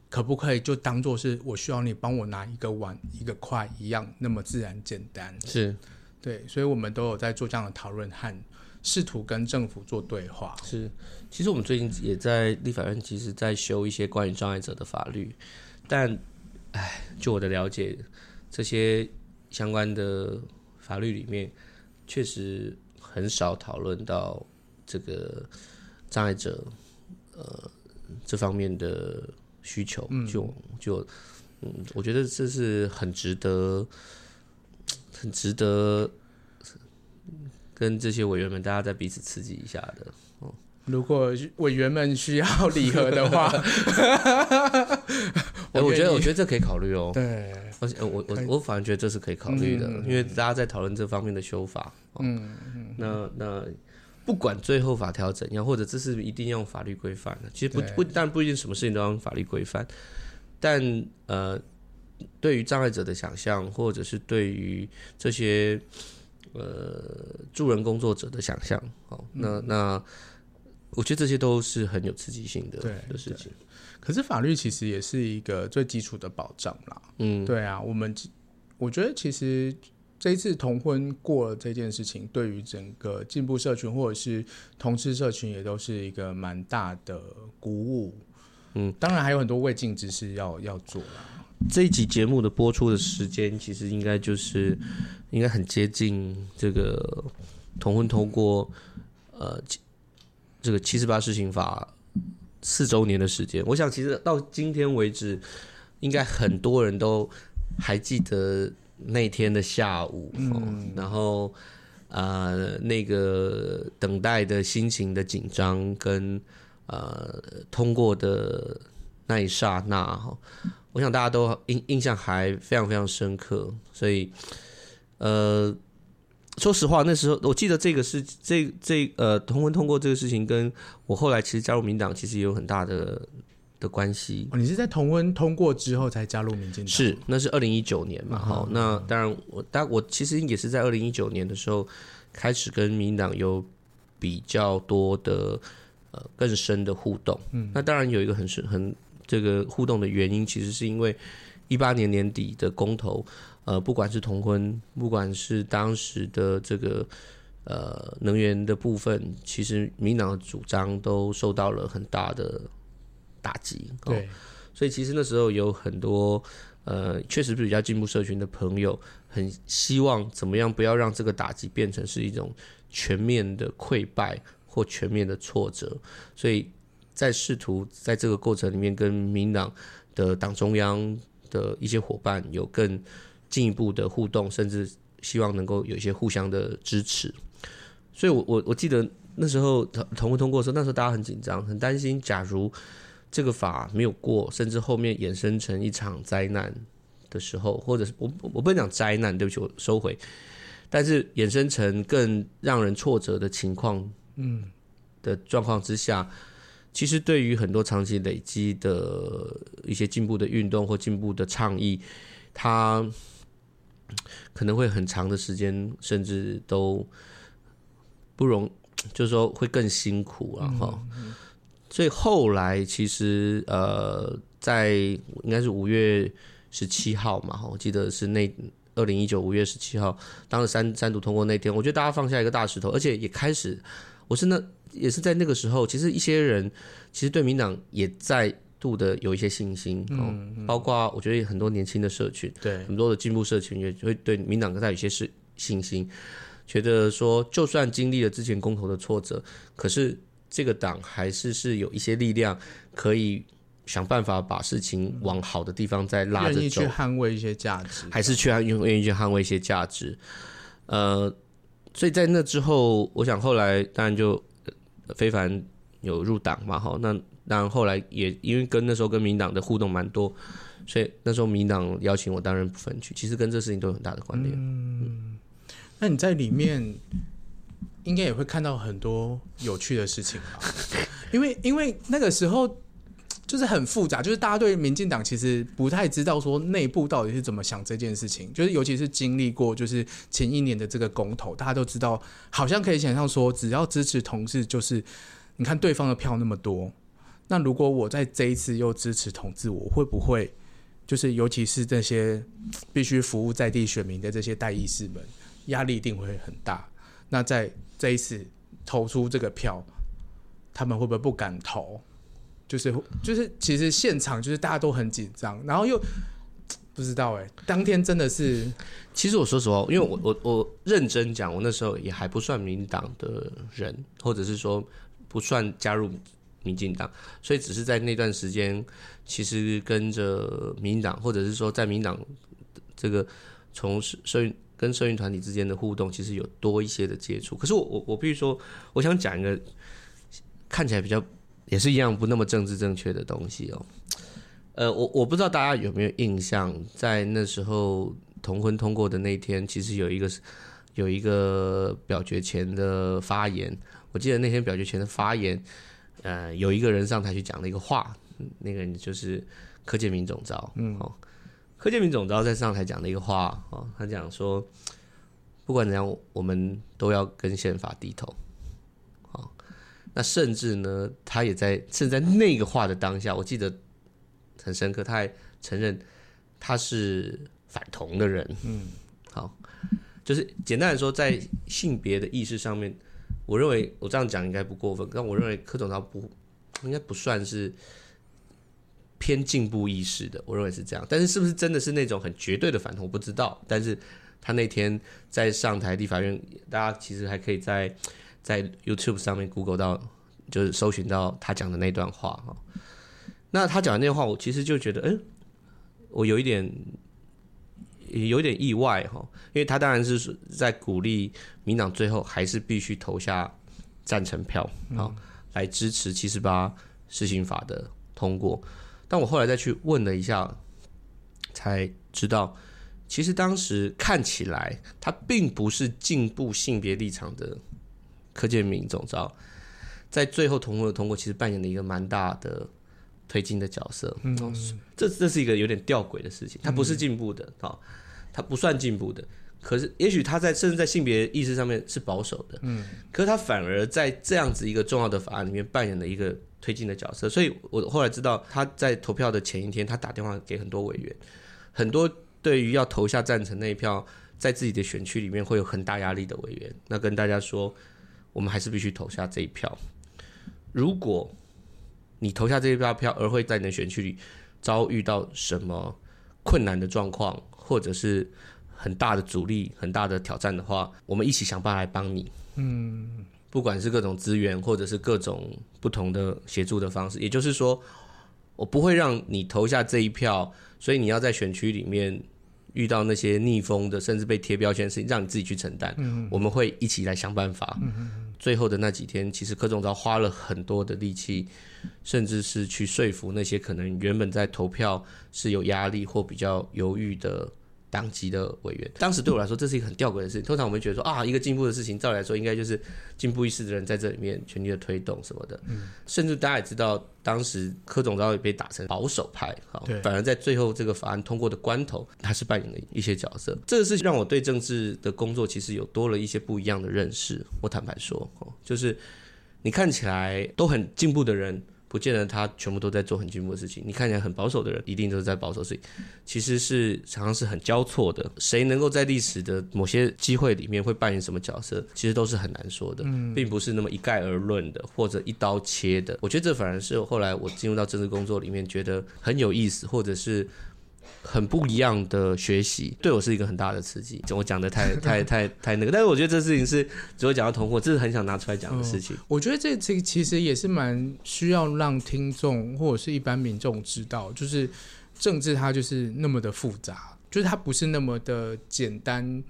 可不可以就當做是我需要你幫我拿一個碗、一個筷一樣，那麼自然簡單？是，對，所以我們都有在做這樣的討論和。試圖跟政府做對話是，其實我們最近也在立法院，其實，在修一些關於障礙者的法律，但，唉，就我的了解，這些相關的法律裡面，確實很少討論到這個障礙者，呃，這方面的需求。就就，嗯，我覺得這是很值得，很值得。跟這些委員們，大家在彼此刺激一下的。哦、如果委員們需要禮盒的話， 我、欸、我覺得我覺得這可以考慮哦。對，而、欸、且我我我反而覺得這是可以考慮的嗯嗯嗯，因為大家在討論這方面的修法。哦、嗯，嗯，嗯那那不管最後法條怎樣，或者這是一定要用法律規範的，其實不不，當然不一定什麼事情都用法律規範，但呃，對於障礙者的想象，或者是對於這些。呃，助人工作者的想象，好，那、嗯、那，我覺得這些都是很有刺激性的對的事情。可是法律其實也是一個最基礎的保障啦，嗯，對啊，我們我覺得其實這一次同婚過了這件事情，對於整個進步社群或者是同志社群也都是一個蠻大的鼓舞，嗯，當然還有很多未盡之事要要做啦。這一集節目的播出的時間，其實應該就是應該很接近這個同婚通過，呃，這個七四八施行法四周年的時間。我想，其實到今天為止，應該很多人都還記得那天的下午，哦，然後、呃、那個等待的心情的緊張，跟呃通過的那一剎那哈、哦。我想大家都印印象還非常非常深刻，所以，呃，說實話，那時候我記得這個是這個、這個、呃同婚通過這個事情，跟我後來其實加入民黨其實也有很大的的關係、哦。你是在同婚通過之後才加入民進黨？是，那是二零一九年嘛、啊？好，那當然我但我其實也是在二零一九年的時候開始跟民黨有比較多的呃更深的互動。嗯，那當然有一個很深很。這個互動的原因，其實是因為一八年年底的公投，呃，不管是同婚，不管是當時的這個呃能源的部分，其實民黨的主張都受到了很大的打擊。哦。對，所以其實那時候有很多呃，確實比較進步社群的朋友，很希望怎麼樣不要讓這個打擊變成是一種全面的潰敗或全面的挫折，所以。在試圖在這個過程裡面跟民進黨的黨中央的一些夥伴有更進一步的互動，甚至希望能夠有一些互相的支持。所以我，我我我記得那時候同不同步通過說，那時候大家很緊張，很擔心，假如這個法沒有過，甚至後面衍生成一場災難的時候，或者是我我我不能講災難，對不起，我收回。但是衍生成更讓人挫折的情況，嗯，的狀況之下。其實對於很多長期累積的一些進步的運動或進步的倡議，它可能會很長的時間，甚至都不容、就是說，會更辛苦然後、啊、哈、嗯嗯。所以後來其實呃，在應該是五月十七號嘛，我記得是那二零一九五月十七號，當時三三讀通過那天，我覺得大家放下一個大石頭，而且也開始。我是那也是在那個時候，其實一些人其實對民黨也再度的有一些信心嗯，嗯，包括我覺得很多年輕的社群，對很多的進步社群也會對民黨在有些是信心，覺得說就算經歷了之前公投的挫折，可是這個黨還是是有一些力量，可以想辦法把事情往好的地方再拉着走，願意去捍衛一些價值，還是去願意去捍衛一些價值，呃。所以在那之後，我想後來當然就、呃、飛帆有入黨嘛，好，那當然後來也因為跟那時候跟民黨的互動蠻多，所以那時候民黨邀請我，當然不分區，其實跟這事情都有很大的關聯、嗯。嗯，那你在裡面應該也會看到很多有趣的事情吧？ 因為因為那個時候。就是很複雜，就是大家對民進黨其實不太知道說內部到底是怎麼想這件事情。就是尤其是經歷過就是前一年的這個公投，大家都知道，好像可以想象說，只要支持同志，就是你看對方的票那麼多，那如果我在這一次又支持同志，我會不會就是尤其是這些必須服務在地選民的這些代議士們，壓力一定會很大。那在這一次投出這個票，他們會不會不敢投？就是就是，就是、其實現場就是大家都很緊張，然後又不知道哎、欸，當天真的是。其實我說實話，因為我我我認真講，我那時候也還不算民進黨的人，或者是說不算加入民進黨，所以只是在那段時間，其實跟着民進黨，或者是說在民進黨這個從社社運跟社運團體之間的互動，其實有多一些的接觸。可是我我我必須說，我想講一個看起來比較。也是一樣不那麼政治正確的東西哦。呃，我我不知道大家有沒有印象，在那時候同婚通過的那一天，其實有一個有一個表決前的發言。我記得那天表決前的發言，呃，有一個人上台去講了一個話，那個人就是柯建銘總召。嗯，哦，柯建銘總召在上台講了一個話哦，他講說，不管怎樣，我們都要跟憲法低頭。那甚至呢，他也在正在那個話的當下，我記得很深刻，他還承認他是反同的人。嗯，好，就是簡單來說，在性別的意識上面，我認為我這樣講應該不過分。但我認為柯總他不應該不算是偏進步意識的，我認為是這樣。但是是不是真的是那種很絕對的反同，我不知道。但是他那天在上台立法院，大家其實還可以在。在 YouTube 上面 Google 到，就是搜尋到他講的那段話。那他講的那段話，我其實就覺得，哎，我有一點有一點意外哈，因為他當然是在鼓勵民黨最後還是必須投下贊成票，好、嗯、來支持748施行法的通過。但我後來再去問了一下，才知道，其實當時看起來他並不是進步性別立場的。柯建銘總召在最後通過通過，其實扮演了一個蠻大的推進的角色。嗯、嗯、嗯，這、哦、這是一個有點弔詭的事情，他不是進步的啊、哦，他不算進步的。可是，也許他在甚至在性別意識上面是保守的。嗯，可是他反而在這樣子一個重要的法案裡面扮演了一個推進的角色。所以我後來知道，他在投票的前一天，他打電話給很多委員，很多對於要投下贊成那一票，在自己的選區裡面會有很大壓力的委員，那跟大家說。我們還是必須投下這一票。如果你投下這一票票，而會在你的選區裡遭遇到什麼困難的狀況，或者是很大的阻力、很大的挑戰的話，我們一起想辦法來幫你。嗯，不管是各種資源，或者是各種不同的協助的方式，也就是說，我不會讓你投下這一票，所以你要在選區裡面。遇到那些逆風的，甚至被貼標籤的事情，是讓你自己去承擔，嗯。我們會一起來想辦法。嗯、最後的那幾天，其實柯總召花了很多的力氣，甚至是去說服那些可能原本在投票是有壓力或比較猶豫的。黨籍的委員，當時對我來說，這是一個很弔詭的事情。通常我們覺得說啊，一個進步的事情，照理來說應該就是進步意識的人在這裡面全力的推動什麼的。嗯，甚至大家也知道，當時柯總召也被打成保守派，好，反而在最後這個法案通過的關頭，他是扮演了一些角色。這個事情讓我對政治的工作其實有多了一些不一樣的認識。我坦白說，就是你看起來都很進步的人。不見得他全部都在做很進步的事情，你看起來很保守的人，一定都是在保守自己。其實是常常是很交錯的。誰能夠在歷史的某些機會裡面會扮演什麼角色，其實都是很難說的，並不是那麼一概而論的，或者一刀切的。我覺得這反而是後來我進入到政治工作裡面，覺得很有意思，或者是。很不一樣的學習，對我是一個很大的刺激。就我講的太太太 太那個，但是我覺得這事情是，只會講到同婚，我這是很想拿出來講的事情。哦，我覺得這其其實也是蠻需要讓聽眾或者是一般民眾知道，就是政治它就是那麼的複雜，就是它不是那麼的簡單。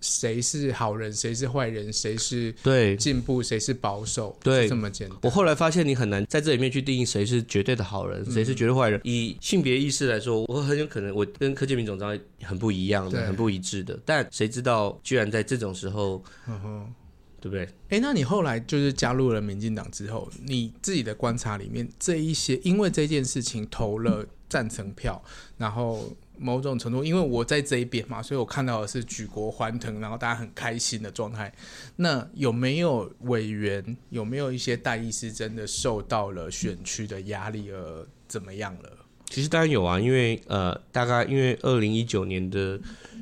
誰是好人，誰是壞人，誰是進步，誰是保守，對，這麼簡單。我後來發現，你很難在這裡面去定義誰是絕對的好人，誰、嗯、是絕對壞人。以性別意識來說，我很有可能我跟柯建銘總召很不一樣的、的很不一致的。但誰知道，居然在這種時候，嗯哼，對不對？誒、欸，那你後來就是加入了民進黨之後，你自己的觀察裡面，這一些因為這件事情投了贊成票，然後。某種程度，因為我在這一邊嘛，所以我看到的是舉國歡騰，然後大家很開心的狀態。那有沒有委員，有沒有一些代議士真的受到了選區的壓力而怎麼樣了？其實當然有啊，因為呃，大概因為二零一九年的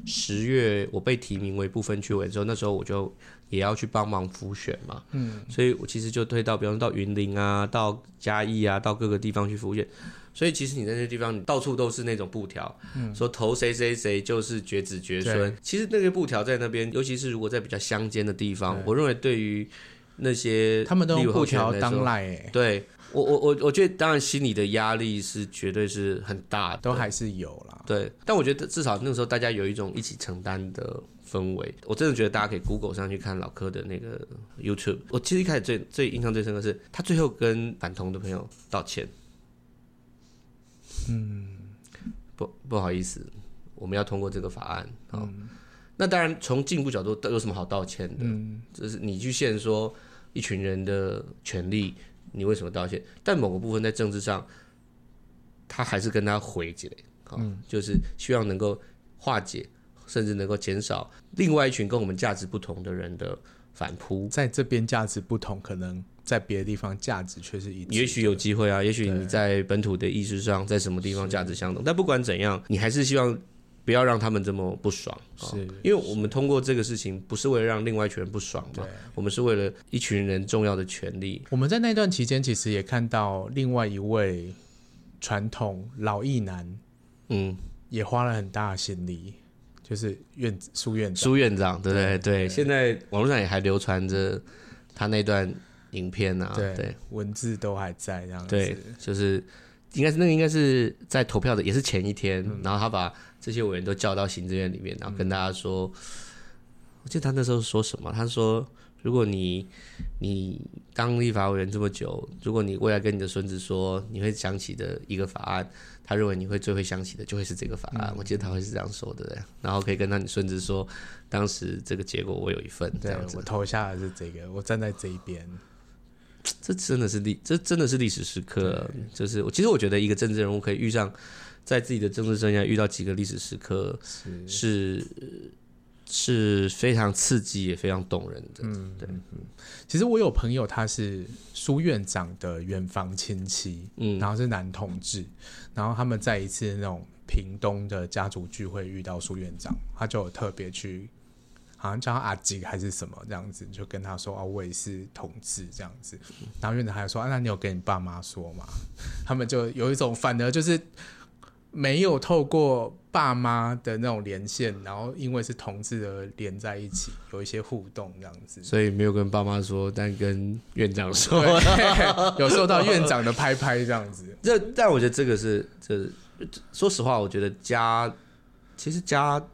十月，我被提名為不分區委的時候，那時候我就也要去幫忙輔選嘛，嗯，所以我其實就推到，比方說到雲林啊，到嘉義啊，到各個地方去輔選。所以其實你在那些地方，你到處都是那種布條、嗯，說投誰誰誰就是絕子絕孫。其實那些布條在那邊，尤其是如果在比較鄉間的地方，我認為對於那些他們都有布條當賴、欸。對我我我我覺得，當然心裡的壓力是絕對是很大的，都還是有啦。對，但我覺得至少那個時候大家有一種一起承擔的氛圍。我真的覺得大家可以 Google 上去看老柯的那個 YouTube。我其實一開始最最印象最深刻是他最後跟反同的朋友道歉。嗯，不不好意思，我們要通過這個法案啊、哦嗯。那當然，從進步角度，都有什麼好道歉的？嗯、就是你去限縮一群人的權利，你為什麼道歉？但某個部分在政治上，他還是跟他回解啊、哦嗯，就是希望能夠化解，甚至能夠減少另外一群跟我們價值不同的人的反撲。在這邊價值不同，可能。在別的地方價值卻是一，也許有機會啊，也許你在本土的意識上，在什麼地方價值相同，但不管怎樣，你還是希望不要讓他們這麼不爽。是，哦、是因為我們通過這個事情，不是為了讓另外一群人不爽嘛，我們是為了一群人重要的權利。我們在那段期間，其實也看到另外一位傳統老藝男，嗯，也花了很大的心力、嗯，就是院蘇院長、蘇院長，對對，對。現在網絡上也還流傳着他那段，影片啊，對，對，文字都還在這樣子。對，就是應該是那個，應該是在投票的，也是前一天、嗯。然後他把這些委員都叫到行政院裡面，然後跟大家說：“嗯、我記得他那時候說什麼？他說：‘如果你你當立法委員這麼久，如果你未來跟你的孫子說你會想起的一個法案，他認為你會最會想起的，就會是這個法案。嗯’我記得他會是這樣說的。然後可以跟他你孫子說：‘當時這個結果我有一份，對這樣子。’我投下來是這個，我站在這一邊。”這真的是歷，這真的是歷史時刻啊。就是我其實我覺得，一個政治人物可以遇上，在自己的政治生涯遇到幾個歷史時刻，是是，是非常刺激也非常動人的。嗯，對。其實我有朋友，他是蘇院長的遠房親戚，嗯，然後是男同志，然後他們在一次那種屏東的家族聚會遇到蘇院長，他就有特別去。好、啊、像叫阿吉還是什麼這樣子，就跟他說啊，我也是同志這樣子。然後院長還說，啊、那你有跟你爸媽說嗎？他們就有一種，反而就是沒有透過爸媽的那種連線，然後因為是同志而連在一起，有一些互動這樣子。所以沒有跟爸媽說，但跟院長說， 有受到院長的拍拍這樣子。 這但我覺得這個是這，說實話，我覺得家其實家。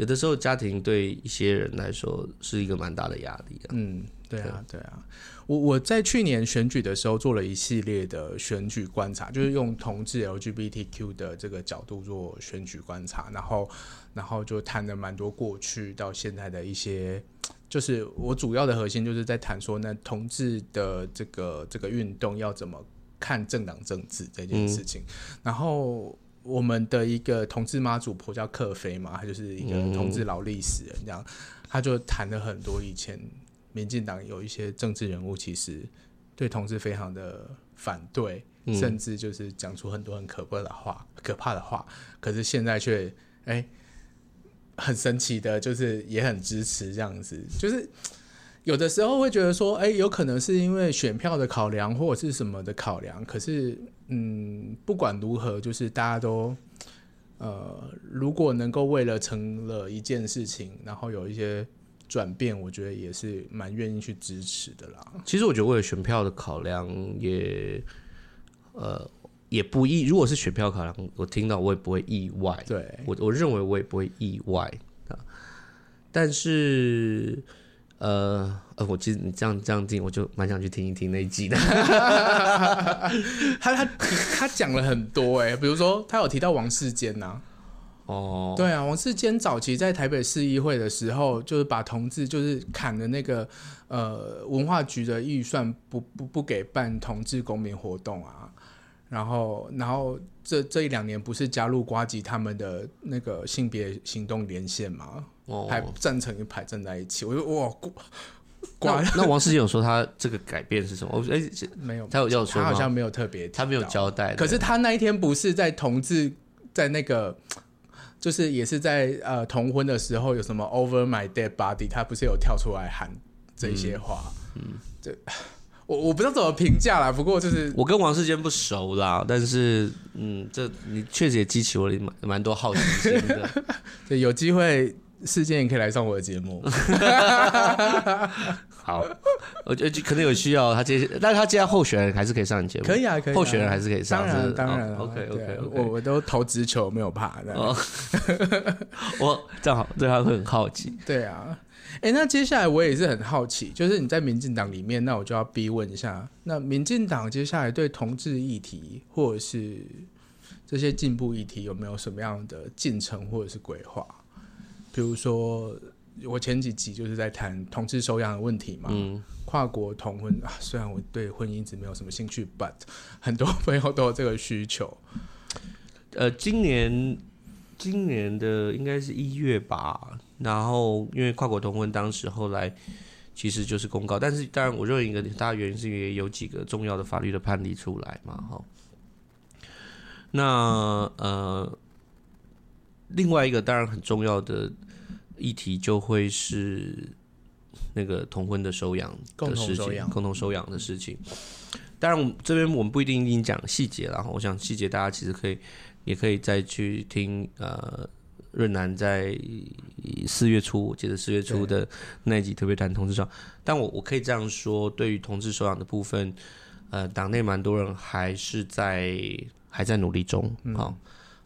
有的時候，家庭對一些人來說是一個蠻大的壓力啊。嗯，對啊，對啊。我我在去年選舉的時候做了一系列的選舉觀察，嗯。就是用同志 LGBTQ 的這個角度做選舉觀察，然後然後就談了蠻多過去到現在的一些，就是我主要的核心就是在談說，那同志的這個這個運動要怎麼看政黨政治這件事情，嗯。然後。我們的一個同志媽祖婆叫克菲嘛，她就是一個同志勞力士人，這樣、嗯，他就談了很多以前民進黨有一些政治人物，其實對同志非常的反對，嗯、甚至就是講出很多很可惡的話、可怕的話。可是現在卻、欸、很神奇的，就是也很支持這樣子。就是有的時候會覺得說，哎、欸，有可能是因為選票的考量，或者是什麼的考量，可是。嗯，不管如何，就是大家都，呃，如果能夠為了成了一件事情，然後有一些轉變，我覺得也是蠻願意去支持的啦。其實我覺得，為了選票的考量也、呃，也呃也不意。如果是選票考量，我聽到我也不會意外，對，我我認為我也不會意外啊。但是。呃呃，我其實你這樣這樣聽我就蠻想去聽一聽那一集的。 他他他講了很多誒、欸、比如說他有提到王世堅吶、啊。哦，對啊，王世堅早期在台北市議會的時候，就是把同志就是砍的那個呃文化局的預算不不不給辦同志公民活動啊，然後然後這這一兩年不是加入呱吉他們的那個性別行動連線嘛？還站成一排站在一起，我就哇乖，那我，那王世堅有說他這個改變是什麼？哦，哎，沒有，他有要說嗎？他好像沒有特別，他沒有交代。可是他那一天不是在同志，在那個，就是也是在呃同婚的時候，有什麼 Over My Dead Body，他不是有跳出來喊這些話？嗯，這、嗯、我我不知道怎麼評價啦。不過就是我跟王世堅不熟啦，但是嗯，這你確實也激起我蠻蠻多好奇心的。 對，有機會。事件也可以來上我的節目。 好，我覺得可能有需要他接，但是他接下來候選人還是可以上你節目，可以啊，可以啊候選人還是可以上，當然，是是當然、哦、，OK OK，,、啊、okay, okay 我我都投直球，沒有怕，哦、 我正好，對他會很好奇，對啊，哎、欸，那接下來我也是很好奇，就是你在民進黨裡面，那我就要逼問一下，那民進黨接下來對同志議題或者是這些進步議題有沒有什麼樣的進程或者是規劃？比如說，我前幾集就是在談同志收養的問題嘛，嗯。跨國同婚，啊，雖然我對婚姻一直沒有什麼興趣，but 很多朋友都有這個需求。呃，今年今年的應該是一月吧。然後，因為跨國同婚，當時後來其實就是公告，但是當然，我認為一個大原因是因為有幾個重要的法律的判例出來嘛，哈。那呃。另外一個當然很重要的議題，就會是那個同婚的收養的事情，共同收養的事情。當然，我們這邊我們不一定一定講細節了哈。我想細節大家其實可以也可以再去聽。呃，潤男在四月初，我記得四月初的那一集特別談同志上。但我我可以這樣說，對於同志收養的部分，呃，黨內蠻多人還是在還在努力中啊。嗯，好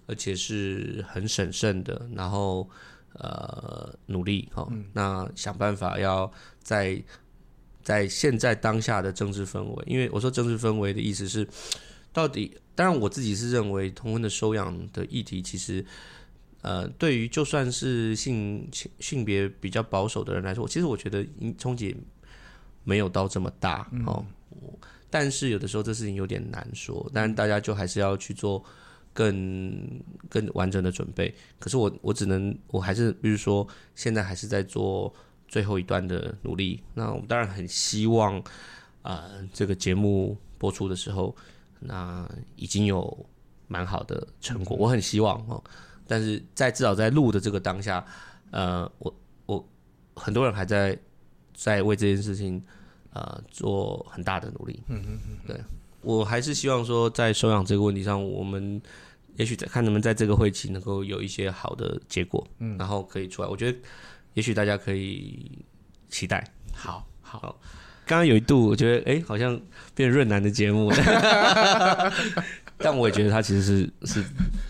而且是很審慎的，然後呃努力哦、嗯，那想辦法要在在現在當下的政治氛圍，因為我說政治氛圍的意思是，到底當然我自己是認為同婚的收養的議題其實，呃，對於就算是性性別比較保守的人來說，其實我覺得衝擊沒有到這麼大哦、嗯，但是有的時候這事情有點難說，但是大家就還是要去做。更更完整的準備，可是我我只能我還是，比如說現在還是在做最後一段的努力。那我們當然很希望，呃，這個節目播出的時候，那已經有蠻好的成果，嗯、我很希望哦。但是在至少在錄的這個當下，呃，我我很多人還在在為這件事情啊、呃、做很大的努力。嗯哼嗯嗯，對。我還是希望說，在收養這個問題上，我們也許看能不能在這個會期能夠有一些好的結果，嗯，然後可以出來。我覺得也許大家可以期待。好，好，剛剛有一度我覺得，哎、欸，好像變潤男的節目了 但我也覺得他其實是是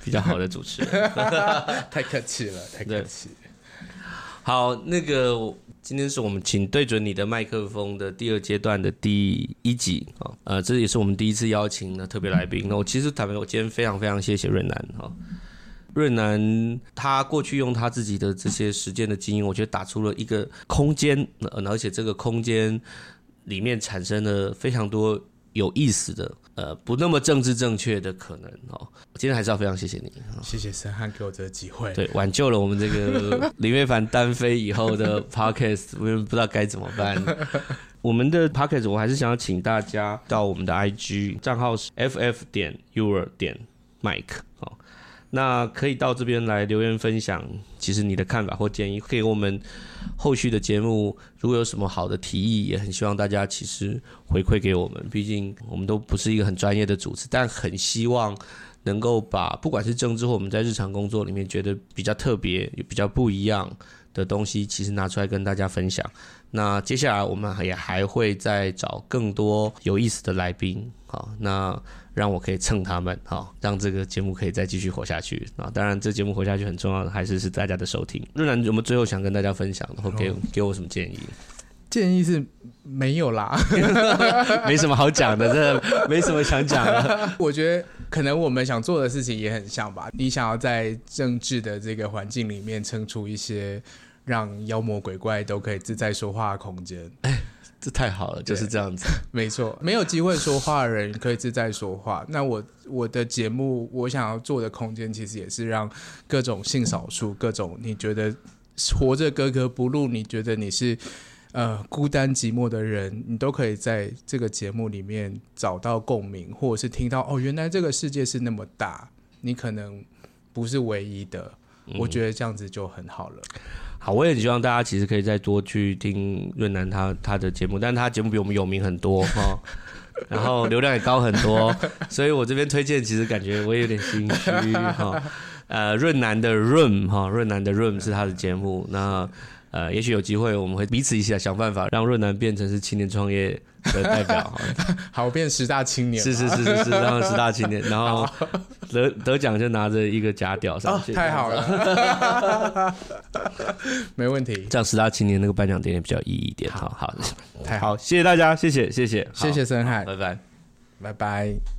比較好的主持人。 太客氣了，太客氣。好，那個。今天是我們請對準你的麥克風的第二階段的第一集啊，呃，這也是我們第一次邀請的特別來賓。那我其實坦白，我今天非常非常謝謝潤男哈、哦。潤男他過去用他自己的這些實踐的經驗，我覺得打出了一個空間，呃，而且這個空間裡面產生了非常多有意思的。呃，不那麼政治正確的可能哦。今天還是要非常謝謝你，謝謝神漢給我這個機會，對，挽救了我們這個林飛帆單飛以後的 podcast， 我也不知道該怎麼辦。 我們的 podcast，我還是想要請大家到我們的 IG 賬號是 ff 點 u r 點 mike。那可以到這邊來留言分享，其實你的看法或建議給我們後續的節目。如果有什麼好的提議，也很希望大家其實回饋給我們。畢竟我們都不是一個很專業的組織，但很希望能夠把不管是政治或我們在日常工作裡面覺得比較特別、比較不一樣的東西，其實拿出來跟大家分享。那接下來我們也還會再找更多有意思的來賓，好，那讓我可以蹭他們，好，讓這個節目可以再繼續活下去啊！當然，這節目活下去很重要的還是是大家的收聽。潤男有沒有最後想跟大家分享，或給給我什麼建議，哦？建議是沒有啦， 沒什麼好講的，真的沒什麼想講的。我覺得可能我們想做的事情也很像吧，你想要在政治的這個環境裡面撐出一些。讓妖魔鬼怪都可以自在說話的空間，哎、欸，這太好了，就是這樣子。沒錯，沒有機會說話的人可以自在說話。 那我我的節目，我想要做的空間，其實也是讓各種性少數、嗯、各種你覺得活着格格不入、你覺得你是呃孤單寂寞的人，你都可以在這個節目裡面找到共鳴，或者是聽到哦，原來這個世界是那麼大，你可能不是唯一的。嗯、我覺得這樣子就很好了。好，我也很希望大家其實可以再多去聽潤男他他的節目，但是他節目比我們有名很多哈、哦，然後流量也高很多，所以我這邊推薦其實感覺我也有點心虛哈、哦，呃，潤男的潤哈、哦，潤男的潤是他的節目那。呃，也許有機會，我們會彼此一下想辦法，讓潤男變成是青年創業的代表，好， 好，變十大青年。是是是是是，當 十大青年， 然後得 得獎就拿着一個假屌上去，太好了， 沒問題。這樣十大青年那個頒獎典禮比較意義一點。 好，好，太好，謝謝大家，謝謝，謝謝，謝謝深海，拜拜，拜拜。